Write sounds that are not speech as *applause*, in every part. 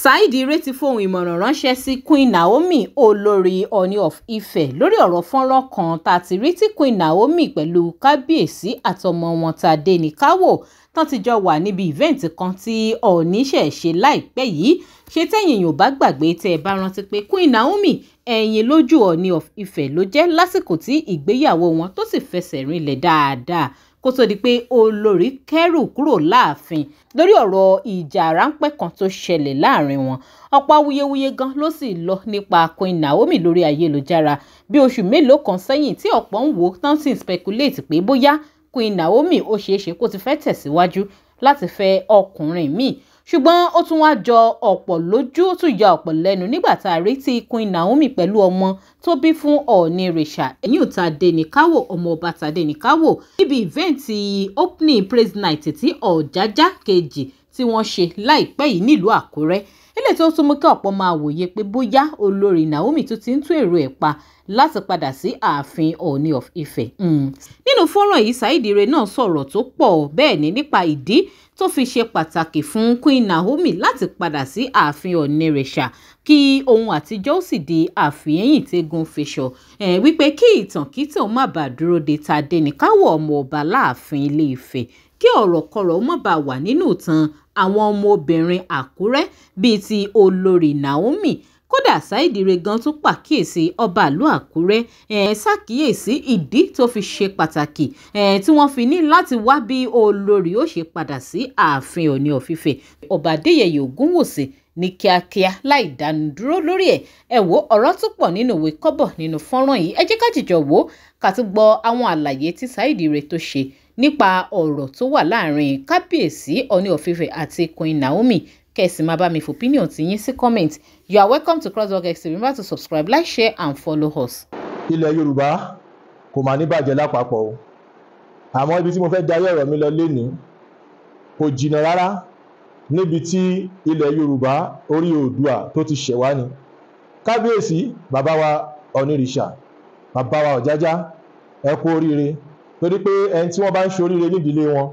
saheed ire ti fohùn ìmọ̀ràn ránṣẹ́ sí queen naomi olórí oni of ife lórí ọ̀rọ̀ fọ́nrán kan tá a ti rí tí queen naomi pẹ̀lú kábíyèsí àtọmọ wọn Tádéníkáwò tán ti jọ wà níbi ìvẹ́ǹtì kan tí ọ̀ní ṣẹ̀ ṣe láìpẹ́ yìí ṣe tẹ́yìn yóò bá gbàgbé tẹ́ ẹ bá rántí pé queen naomi ẹ̀yìn lójú oni of ife ló jẹ́ lásìkò tí ìgbéyàwó wọn tó sì fẹsẹ̀ rinlẹ̀ dáadáa kó tó di pé olórí kẹ́rù kúrò láàfin lórí ọ̀rọ̀ ìjà ráńpẹ́ kan tó ṣẹlẹ̀ láàrin wọn ọ̀pọ̀ awuyewuye gan ló sì lọ nípa Queen Naomi lórí ayélujára bí oṣù mélòó kan sẹ́yìn tí ọ̀pọ̀ ń wò tán speculate pé bóyá Queen Naomi ó ṣeéṣe kó ti fẹ́ tẹ̀síwájú láti fẹ́ ọkùnrin míì ṣùgbọ́n ó tún wá jọ ọ̀pọ̀ lójú ó tún ya ọ̀pọ̀ lẹ́nu nígbà tá a rí ti Queen Naomi pẹ̀lú ọmọ tó bí fún Ọọ̀ni Rìṣà ẹ̀yìn òta Dènìkáwò ọmọ ọba tàdénìkáwò níbi ìvẹ́ǹtì opening praise night tí Ọ̀jájá kejì tí wọ́n ṣe láìpẹ́ yìí nílùú Àkúrẹ́ eléyìí tó tún mú kí ọ̀pọ̀ máa wòye pé bóyá olórí Naomi tún ti ń tún èrò ẹ̀ pa láti padà sí ààfin Ọọ̀ni of Ifẹ̀. Hmm. nínú fọ́nrán yìí Saheed Ire náà sọ̀rọ̀ tó pọ̀ bẹ́ẹ̀ ni nípa ìdí tó fi ṣe pàtàkì fún Queen Naomi láti padà sí ààfin Ọọ̀ni rẹ̀ṣà kí ohun àtijọ́ sì di àfihẹ́yìn tẹ́gun fẹsọ̀ ẹ̀ wípé kí ìtàn kí tàn má bàa dúró de tadé ní káwọ̀ ọmọ ọba láàfin Ilé Ifẹ̀ kí ọ̀rọ̀kọrọ̀ má bàa wà nínú ìtàn àwọn ọmọbìnrin àkúrẹ́ bíi ti olórí naomi kódà saheed ire gan tún pàkíyèsí ọba ìlú àkúrẹ́ eh, ṣàkíyèsí ìdí tó fi ṣe pàtàkì eh, tí wọ́n fi ní láti wá bí olórí ó ṣe padà sí ààfin ọ̀ní ọ̀fífẹ́ ọba adéyẹyẹ ògúnwùsì ní kíákíá láì dánudúró lórí ẹ̀ ẹ wo ọ̀rọ̀ tó pọ̀ nínú ìwé kọ́bọ̀ nínú fọ́nrán yìí ẹ jẹ́ ká jìjọ wò ká tún gbọ́ àwọn àlàyé tí saheed tó ṣe nípa ọ̀rọ̀ tó wà láàrin kábíyèsí ọ̀ní ọ̀fífẹ́ àti queen naomi kẹ̀sì máa bá mi fòpinion ti yín sí comment you are welcome to crossblog xtv remember to subscribe like share and follow us. ilẹ̀ yorùbá kò mà ní bàjẹ́ lápapọ̀ o àmọ́ ibi tí mo fẹ́ darí ọ̀rọ̀ mi lọ lénìí kò jìnnà rárá níbi tí ilẹ̀ yorùbá orí oòdùà tó ti ṣẹ̀wá ni kábíyèsí bàbá wa ọ̀nìrìṣà bàbá wa ọ̀jájá ẹ kú oríire torí pé ẹni tí wọ́n bá ń ṣoríire nídìílé wọn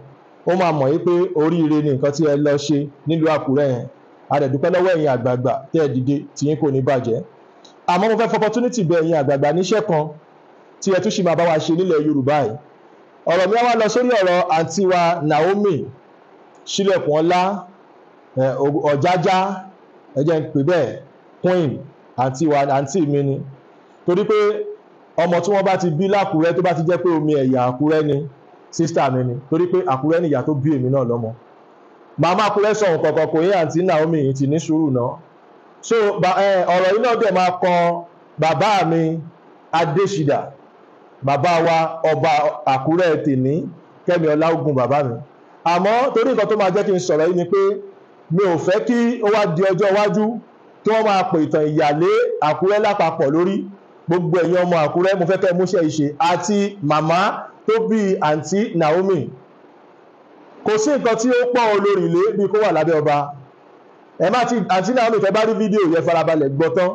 ó máa mọ̀ yìí pé oríire ni nǹkan tí ẹ lọ ṣe nílùú Àkúrẹ́ yẹn àdẹ̀dúpẹ́ lọ́wọ́ ẹ̀yin àgbààgbà tẹ́ ẹ dìde tí yín kò ní bàjẹ́ àmọ́ mo fẹ́ fọpọtúnítì bẹ ẹ̀yin àgbààgbà níṣẹ́ kan tí ẹ tún ṣì máa bá wa ṣe nílẹ̀ Yorùbá yìí ọ̀rọ̀ mi wá lọ sórí ọ̀rọ̀ àǹtí wa Naomi Sílẹ̀kùn Ọlá Ọ̀jájá ẹ jẹ́ n pè bẹ́ẹ̀ Queen àǹtí wa àǹtí mi ni torí pé ọmọ tí wọ́n bá ti bí lákùrẹ́ tó bá ti jẹ́ pé omi ẹ̀yà àkúrẹ́ ni sísítà mi ni torí pé àkúrẹ́ ni ìyá tó bí èmi náà lọ́mọ màmá àkúrẹ́ sọ̀rọ̀ kọ̀ọ̀kan kò yé àǹtí Naomi yìí ti ní sùúrù náà so ọ̀rọ̀ yìí náà dẹ̀ máa kan bàbá mi Adésídà bàbá wa ọba àkúrẹ́ tèmi Kẹ́mi Ọláògùn bàbá mi àmọ́ torí nǹkan tó máa jẹ́ kí n sọ̀rọ̀ yìí ni pé mi ò fẹ́ kí ó wá di ọjọ́ iwájú kí wọ́n máa pè ìtàn ìyàlé àkúrẹ́ lápapọ̀ lórí gbogbo ẹ̀yin ọmọ àkúrẹ́ mo fẹ́ kẹ́ múṣẹ́ ìṣe àti màmá tó bí àǹtí Naomi kò sí nǹkan tí ó pọ̀ olórí ilé bí kó wà lábẹ́ ọba ẹ má ti àǹtí Naomi fẹ́ bá rí fídíò yẹn farabalẹ̀ gbọ́ tán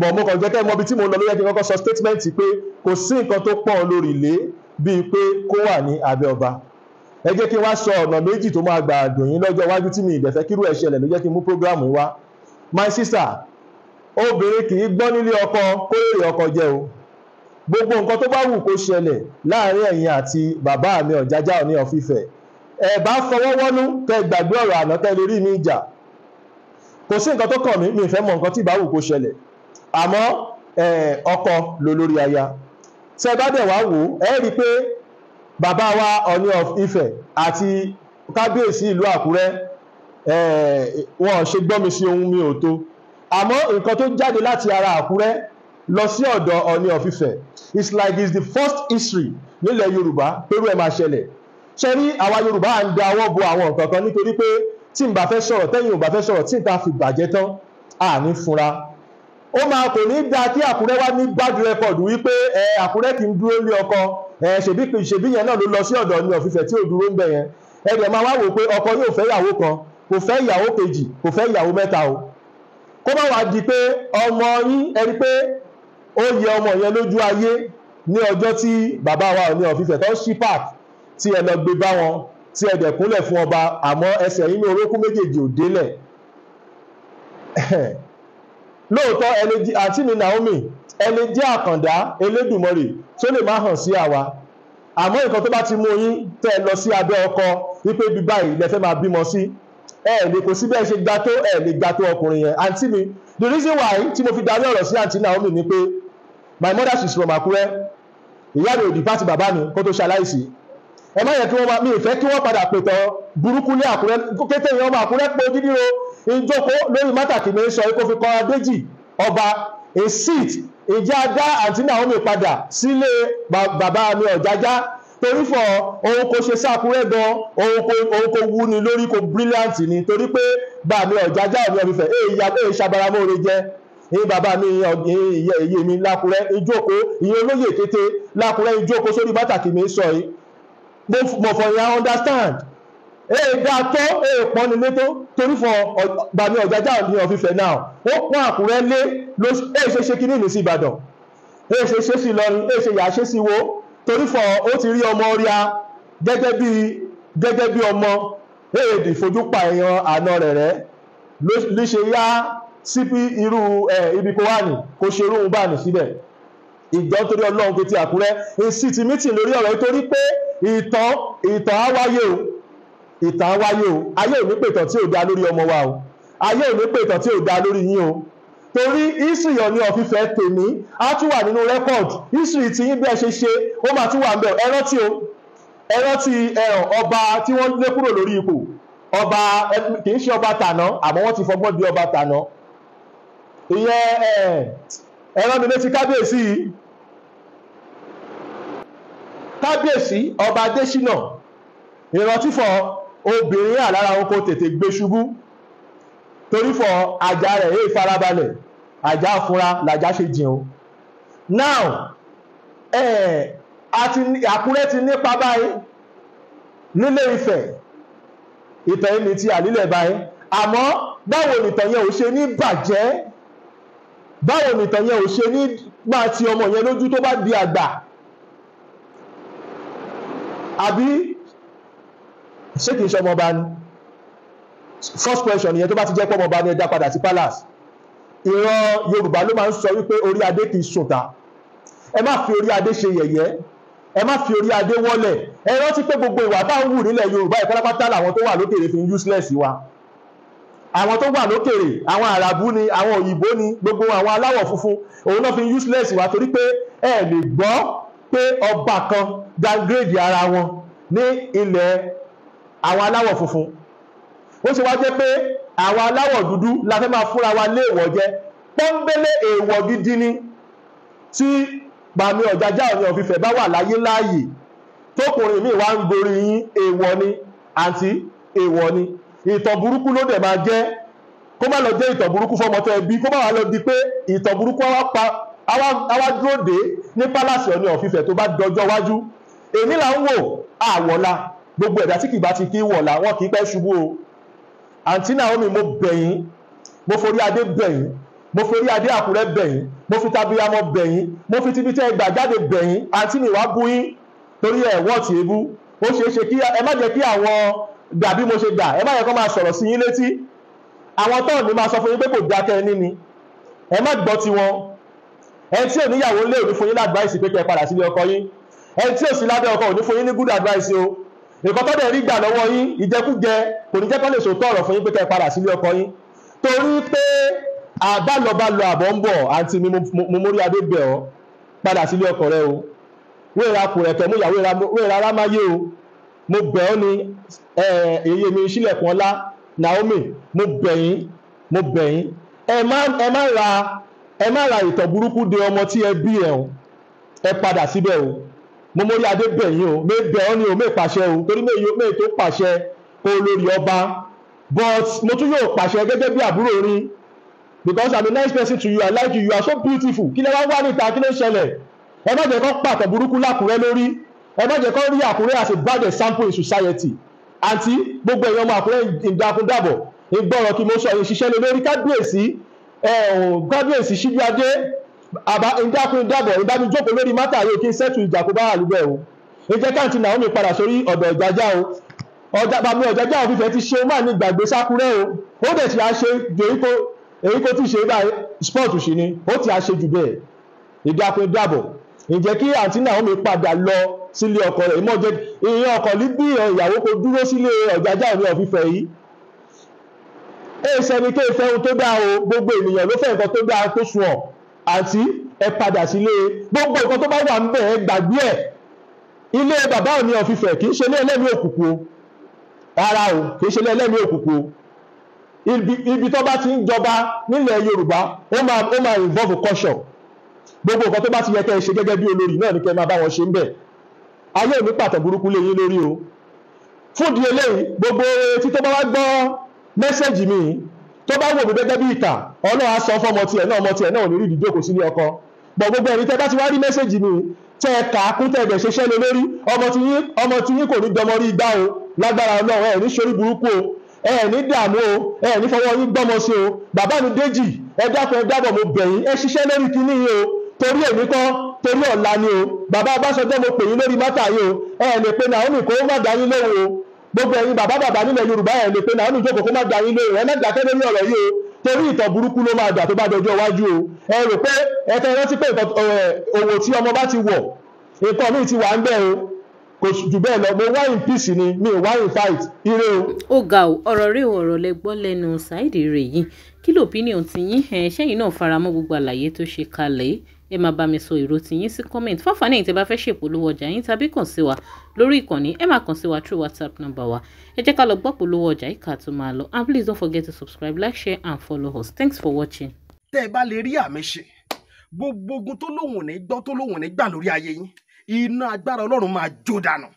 bọ̀ mo kàn jẹ́ kẹ́ mọ ibi tí mo lọ ló yẹ kí n kọ́kọ́ sọ statement pé kò sí nǹkan tó pọ̀ olórí ilé bíi pé kó wà ní abẹ́ ọba ẹ jẹ́ kí n wá sọ ọ̀nà méjì tó máa gbà dùn yín lọ́jọ́ iwájú tí mi ìdẹ̀fẹ́ kírú ẹ̀ ṣẹlẹ̀ ló jẹ́ kí n mú prógráàmù wá my sister obìnrin kì í gbọ́ nílé ọkọ kó lè ọkọ jẹ o gbogbo nǹkan tó bá wù kó ṣẹlẹ̀ láàrin ẹ̀yin àti bàbá mi ọ̀jájá òní ọ̀fífẹ́ ẹ̀ bá fọwọ́ wọ́nú tẹ gbàgbé ọ̀rọ̀ àná tẹ lè rí mi jà kò sí nǹkan tó kàn mí mi ìfẹ́ mọ nǹkan tí ìbá wù kó ṣẹlẹ̀ àmọ́ ọkọ ló lórí aya tẹ bá dẹ̀ wá wò ẹ rí i pé bàbá wa ọ̀ní ọ̀fífẹ́ àti kábíyèsí ìlú àkúrẹ́ wọn ò ṣe gbọ́mi sí ohun mi ò tó àmọ́ nǹkan tó jáde láti ara àkúrẹ́ lọ sí ọ̀dọ̀ ọ̀ní ọ̀fífẹ́ it's like it's the first history nílẹ̀ yorùbá pẹ̀lú ẹ̀ máa ṣẹlẹ̀ ṣe rí àwa yorùbá à ń da ọwọ́ bo àwọn nǹkan kan nítorí pé tí n bá fẹ́ sọ̀rọ̀ tẹ́yìn ò bá fẹ́ sọ̀rọ̀ tí n ta fi bàjẹ́ tán àní fúnra ó máa kò ní da kí àkúrẹ́ wá ní bad record wípé ẹ àkúrẹ́ kì í dúró lé ọkọ ẹ ṣèbí ṣèbí yẹn náà ló lọ sí ọ̀dọ̀ ọ̀ní ọ̀fífẹ́ tí ò dúró ń bẹ̀ yẹn ẹ dẹ̀ máa wá wò pé ọkọ yóò fẹ́ ìyàwó kan kò fẹ́ ìyàwó kejì kò fẹ́ ìyàwó mẹ́ta o kó má wá di pé ọmọ yín ẹni pé ó yẹ ọmọ yẹn lójú ayé ní ọjọ́ tí bàbá wa ò ní ọ̀fífẹ́ tó ń ṣí park tí ẹ lọ gbé bá wọn tí ẹ dẹ̀kúnlẹ̀ fún ọba àmọ́ ẹsẹ̀ yín ní orókún méjèèjì ò délẹ̀ *laughs* lóòótọ́ ẹni àti mi Naomi ẹni jẹ́ àkàndá elédùnmọ̀rì tó lè má hàn sí àwa àmọ́ nǹkan tó bá ti mú yín tẹ́ ẹ lọ sí abẹ́ ọkọ wípé bíbáyìí lẹ fẹ́ máa bímọ sí. Si ẹ lè kò sí bẹ́ẹ̀ ṣe gba tó ẹ lè gba tó ọkùnrin yẹn àǹtí mi the reason why tí mo fi darí ọ̀rọ̀ sí àǹtí Naomi ni pé my mother she's from Akure. ìyá mi ò dì pàtì bàbá mi kó tó ṣaláìsí ẹ má yẹ kí wọ́n mi ìfẹ́ kí wọ́n padà pètọ́ burúkú ní Àkúrẹ́ kété ìyá ọmọ Àkúrẹ́ pé dídí o ìjókòó lórí mátàkì mi sọ kó fi kọ́ adéjì ọba a seat ìjà dá àǹtí Naomi padà sílé bàbá mi ọ̀jájá torí fọ ohun kò ṣe sákúrẹ́ gan ohun kò wú ni lórí kò brilliant ni torí pé bá mi ọ̀jájá mi ọ̀fìfẹ́ èyí ṣabaramóore jẹ́ èyí bàbá mi èyí mi lákúrẹ́ ìjókòó ìyẹn olóyè kété lákúrẹ́ ìjókòó sórí pàtàkì mi sọ yìí mo fọ ìyá understand èyí dáa tó èyí pọ́n ni létó torí fọ bá mi ọ̀jájá mi ọ̀fìfẹ́ náà ó pọ́n àkúrẹ́ lé èyí ṣe ṣe kíní mi sí Ìbàdàn èyí ṣe ṣe sí Ìlọrin èyí ṣe yà ṣe sí wo torífọ̀ ó ti rí ọmọ ríà gẹ́gẹ́ bí gẹ́gẹ́ bí ọmọ èèdì fojúpa èèyàn àna rẹ̀ rẹ́ ló ṣe yá sípí irú ibi kó wà ní kó ṣe irú bá ní síbẹ̀ ìjọ torí ọlọ́run pété àkúrẹ́ èsì ti mítì lórí ọ̀rọ̀ nítorí pé ìtàn ìtàn á wáyé o ìtàn á wáyé o ayé ò ní pètàn tí ò dá lórí ọmọ wa o ayé ò ní pètàn tí ò dá lórí yín o torí history ọ̀ní ọ̀fífẹ́ tèmi á tún wà nínú record history tí yín bẹ́ẹ̀ ṣe ṣe ó máa tún wà ń bẹ̀ ẹ rántí o ẹ rántí ẹ̀ràn ọba tí wọ́n lé kúrò lórí ipò ọba kì í ṣe ọba tàná àmọ́ wọ́n ti fọgbọ́n di ọba tàná ìyẹn ẹ rán mi létí kábíyèsí yìí kábíyèsí ọba adésínà ìrántí fọ obìnrin àlára wọn kò tètè gbé ṣubú torí fọ ajá rẹ̀ èyí farabalẹ̀ ajá fúnra làjá ṣe jìn o now àkúrẹ́ ti nípa báyìí nílé Ifẹ̀ ìtàn ẹni ti àlílẹ̀ báyìí àmọ́ báwo nìtàn yẹn ò ṣe ní bàjẹ́ báwo nìtàn yẹn ò ṣe ní máa ti ọmọ yẹn lójú tó bá di àgbà àbí ṣé kìí ṣọmọ bá ní first question ìyẹn tó bá ti jẹ́ pọ́mọba ni ẹ dá padà sí palace ìran yorùbá ló máa ń sọ wípé orí adé kì í sùn ta ẹ má fi orí adé ṣe yẹ̀yẹ́ ẹ má fi orí adé wọ́lẹ̀ ẹ rántí pé gbogbo ìwà tá ń wù nílẹ̀ yorùbá ìpátápátá làwọn tó wà lókèrè fi ń useless wa àwọn tó wà lókèrè àwọn àràbù ni àwọn òyìnbó ni gbogbo àwọn aláwọ̀ funfun òun náà fi ń useless wa torí pé ẹ lè gbọ́ pé ọba kan downgrade ara wọn ní ilẹ̀ àwọn aláwọ̀ funfun ó sì wá jẹ́ pé àwọn aláwọ̀ dúdú la fẹ́ máa fúnra wa léèwọ̀ jẹ́ pọ́ńbélé èèwọ̀ gidi ni tí Bàmí Ọ̀jájá Ọ̀ọ̀ni of Ifẹ̀ bá wà láyé láàyè tókùnrin mi wá ń gorí yín èèwọ̀ ni àǹtí èèwọ̀ ni ìtàn burúkú ló dẹ̀ máa jẹ́ kó má lọ jẹ́ ìtàn burúkú fọmọ tó ẹbí kó má wà lọ di pé ìtàn burúkú á àwa dúró dé ní pálásì Ọ̀ọ̀ni of tó bá dọjọ́ wájú èmi là ń wò àwọ̀la gbogbo ẹ̀dá tí kì bá ti kí wọ̀la wọn kì pẹ́ ṣubú o àǹtí Naomi mo bẹ̀yìn mo forí adé bẹ̀yìn mo forí adé àkúrẹ́ bẹ̀yìn mo fi tabiyamọ bẹ̀yìn mo fi tibi tẹ́ jáde bẹ̀yìn àǹtí mi wá bú torí ẹ̀ wọ́ọ̀tì ebú ó ṣeé ṣe kí ẹ má jẹ́ kí àwọn gbà bí mo ṣe gbà ẹ má yẹ kó máa sọ̀rọ̀ sí yín létí àwọn tọ́ọ̀ ní máa sọ fún yín pé kò dákẹ́ ní ni ẹ má gbọ́ tiwọn ẹ tí ò níyàwó lé òní fún yín láàdúráìsì pé kẹ́ ẹ padà sílé ọkọ yín ẹ tí ò sí lábẹ́ ọkọ òní fún yín ní good advice o nǹkan tọ́bẹ̀ rí gbà lọ́wọ́ yín ìjẹkújẹ kò ní jẹ́ kó lè sòótọ́ ọ̀rọ̀ fún yín pé kẹ́ ẹ padà sílé ọkọ yín torí pé àbálọba lọ àbọ̀ ń bọ̀ àti mi mórí adé bẹ̀ ọ́ padà sílé ọkọ rẹ o wéra kùrẹ̀kẹ̀ mú ìyàwó wéra rámáyé o mo bẹ̀ ọ́ ni èyí mi sílẹ̀kùn ọlá Naomi mo bẹ̀ yín mo bẹ̀ yín ẹ má ra ìtọ̀ burúkú de ọmọ tí ẹ bí ẹ̀ ẹ padà síbẹ̀ o mo mórí adé bẹ̀yìn o mé bẹ̀ ọ́ ni o mé pàṣẹ o torí mé tó pàṣẹ kó lórí ọba but mo tún yóò pàṣẹ gẹ́gẹ́ bí àbúrò rin because i'm a nice person to you i like you you are so beautiful kí lẹ wá wá níta kí ló ń ṣẹlẹ̀ ẹ má jẹ́ kó pàtó burúkú lákùrẹ́ lórí ẹ má jẹ́ kó rí àkùrẹ́ as a bad example in society àǹtí gbogbo èèyàn ọmọ àkùrẹ́ ìdákúndàbọ̀ ìgbọràn kí mo sọ ìṣiṣẹ́ lórí kábíyèsí eh, kábíyèsí síbi adé àbá ìdákun ìdábọ̀ ìbámi jókòó lórí mátà yóò kí n sẹ́tù ìjà kó bá wà lúgbẹ̀ o ẹ jẹ́ káàntì Naomi padà sórí ọ̀dọ̀ ìgbàjá o ọjà bàbá ọ̀jọ̀já òfìfẹ́ ti ṣe máa ní gbàgbé sákúrẹ́ o ó dẹ̀ ti àṣe jòríko èyí kó ti ṣe bá spọ́ọ̀tù sí ni ó ti àṣe jù bẹ́ẹ̀ ìdákun ìdábọ̀ ǹjẹ́ kí àǹtí Naomi padà lọ sílé ọkọ rẹ̀ ìmọ̀ jẹ́ ìyẹn ọkọ lígbì ìyàwó kó dúró sílé ọ̀jọ̀já òní ọ̀fífẹ́ yìí èèṣẹ́ ni kéèfẹ́ ohun tó dáa o gbogbo ènìyàn ló fẹ́ nǹkan tó dáa tó sùn ọ̀ àti ẹ padà sílé gbogbo nǹkan tó bá wà ń bẹ̀ ẹ gbàgbé ẹ̀ ilé bàbá òní ọ̀fífẹ̀ kì í ṣe ilé ẹlẹ́mìí òkùnkùn rárá o kì í ṣe ilé ẹlẹ́mìí òkùnkùn ibi tó bá ti ń jọba nílẹ̀ Yorùbá ó máa ó máa involve caution gbogbo nǹkan tó bá ti yẹ kẹ́ ẹ ṣe gẹ́gẹ́ bí olórí náà ni kẹ́ ẹ máa bá wọn ṣe ń bẹ̀ ayé òní pàtàkì burúkú lé yín lórí o fúdi eléyìí gbogbo etí tó bá wá gbọ́ mẹ́sẹ̀gì mi tó bá wò mí gẹ́gẹ́ bí ìkà ọlọ́wà sọ fọ́mọ tiẹ̀ náà ọmọ tiẹ̀ náà ò ní rí ìdíjókòó sílé ọkọ bọ̀ gbogbo ẹ̀rí tẹ́ bá ti wá rí mẹ́sẹ̀jì mi tẹ́ ẹ kà á kún tẹ́ ẹ̀dẹ̀ ṣeṣẹ́ lé lórí ọmọ tí yín kò ní dọmọ rí igbá o lágbára ọlọ́run ẹ̀ ní ṣorí burúkú o ẹ̀ ní dààmú o ẹ̀ ní fọwọ́ yín gbọ́mọ sí o bàbá mi Déjì ẹ dákun ẹ dábọ̀ mo bẹ̀ yín ẹ ṣiṣẹ́ lórí kinní yín o torí èmi kọ́ torí ọ̀la ni o bàbá Ọbásanjọ́ mo pè yín lórí mátà yín o ẹ̀ ní pe Naomi kò má dá yín lóhùn o gbogbo ẹ̀yin bàbá bàbá nílẹ̀ yorùbá ẹ̀ lè pe náà ní ìjókòó kó má gba yín lóore ẹ má ọ̀rọ̀ yìí o torí ìtàn burúkú ló máa dà tó bá dọjọ́ iwájú o ẹ rò pé ẹ rántí pé òwò tí ọmọ bá ti wọ̀ nǹkan ti wà ń o kò jù bẹ́ẹ̀ lọ mo ni mi ò o. ga ọ rí lẹ ẹ máa bá mi sọ èrò tiyín sí comment fáfáàní ẹ̀yin tẹ́ bá fẹ́ ṣèpolówó ọjà yín tàbí kàn sí wa lórí ìkànnì ẹ máa kàn sí wa through whatsapp number wa ẹ jẹ́ ká lọ gbọ́ polówó ọjà yìí ká tó máa lọ and please don't forget to subscribe like share and follow us thanks for watching. tẹ́ ẹ bá lè rí àmì ṣe gbogbo ogun tó lóhùn ní gbọ́ tó lóhùn ní gbà lórí ayé yín iná agbára ọlọ́run máa jó dànù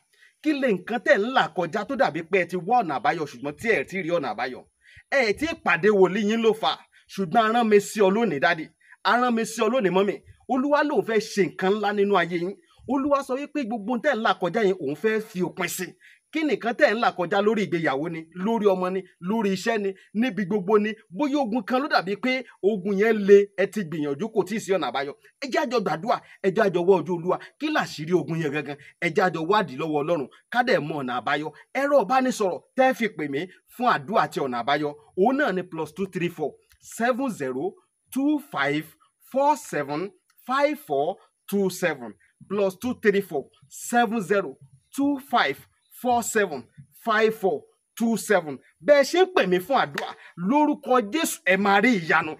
kí lè nǹkan tẹ̀ ń là kọjá tó dàbí pé ẹ ti wá ọ̀nà àbáyọ ṣùgbọ́n tí ẹ olúwa lòun fẹ́ ṣe nǹkan ńlá nínú ayé yín olúwa sọ wípé gbogbo tẹ́ ń là kọjá yẹn òun fẹ́ fi òpin sí kí nìkan tẹ́ ń là kọjá lórí ìgbéyàwó ni lórí ọmọ ni lórí iṣẹ́ ni níbi gbogbo ni bóyá ogun kan ló dàbí pé ogun yẹn le ẹ ti gbìyànjú kò tí ì sí ọ̀nà àbáyọ ẹ jẹ́ àjọ gbàdúrà ẹ jẹ́ àjọ wá ojú olúwa kí làṣírí ogun yẹn gangan ẹ jẹ́ àjọ wádìí lọ́wọ́ ọlọ́run ká mọ ọ̀nà àbáyọ ẹ̀rọ ìbánisọ̀rọ̀ tẹ́ fi pè mí fún àdúrà àti ọ̀nà àbáyọ òun náà ni plus two three four seven zero two five four seven five four two seven plus two three four seven zero two five four seven five four two seven bẹ́ẹ̀ ṣe ń pè mí fún àdúrà lórúkọ Jésù ẹ̀ máa rí ìyanu.